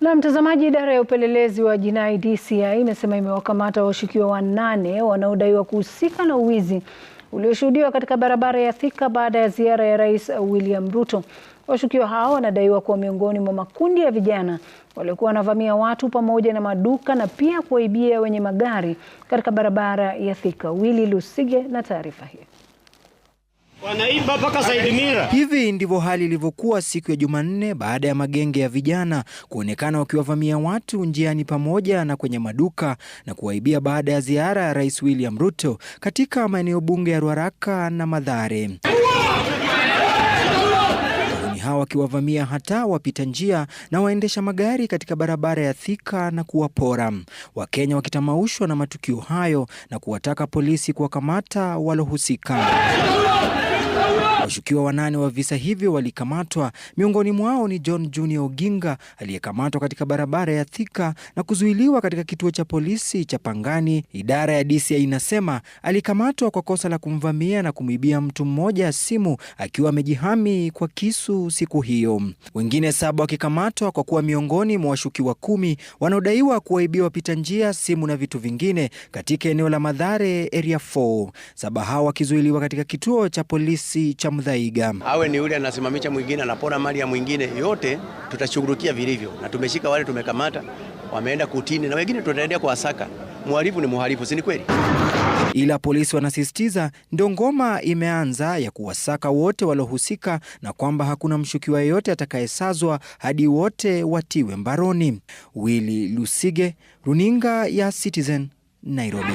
Na mtazamaji, idara ya upelelezi wa jinai DCI imesema imewakamata washukiwa wanane wanaodaiwa kuhusika na uwizi ulioshuhudiwa katika barabara ya Thika baada ya ziara ya Rais William Ruto. Washukiwa hao wanadaiwa kuwa miongoni mwa makundi ya vijana waliokuwa wanavamia watu pamoja na maduka na pia kuwaibia wenye magari katika barabara ya Thika. Willy Lusige na taarifa hii wanaimba mpaka Said Mira. Hivi ndivyo hali ilivyokuwa siku ya Jumanne baada ya magenge ya vijana kuonekana wakiwavamia watu njiani pamoja na kwenye maduka na kuwaibia baada ya ziara ya Rais William Ruto katika maeneo bunge ya Ruaraka na Mathare hawa wakiwavamia hata wapita njia na waendesha magari katika barabara ya Thika na kuwapora. Wakenya wakitamaushwa na matukio hayo na kuwataka polisi kuwakamata walohusika. Washukiwa wanane wa visa hivyo walikamatwa. Miongoni mwao ni John Junior Oginga aliyekamatwa katika barabara ya Thika na kuzuiliwa katika kituo cha polisi cha Pangani. Idara ya DCI inasema alikamatwa kwa kosa la kumvamia na kumwibia mtu mmoja simu akiwa amejihami kwa kisu siku hiyo. Wengine saba wakikamatwa kwa kuwa miongoni mwa washukiwa kumi wanaodaiwa kuwaibia wapita njia simu na vitu vingine katika eneo la Madhare area 4. Saba hao wakizuiliwa katika kituo cha polisi cha Kamdhaigam. Awe ni yule anasimamisha mwingine, anapona mali ya mwingine, yote tutashughulikia vilivyo, na tumeshika wale tumekamata, wameenda kutini na wengine tutaendelea kuwasaka. Mhalifu ni mhalifu, si ni kweli? Ila polisi wanasisitiza ngoma imeanza ya kuwasaka wote waliohusika na kwamba hakuna mshukiwa yeyote atakayesazwa hadi wote watiwe mbaroni. Willy Lusige, runinga ya Citizen, Nairobi.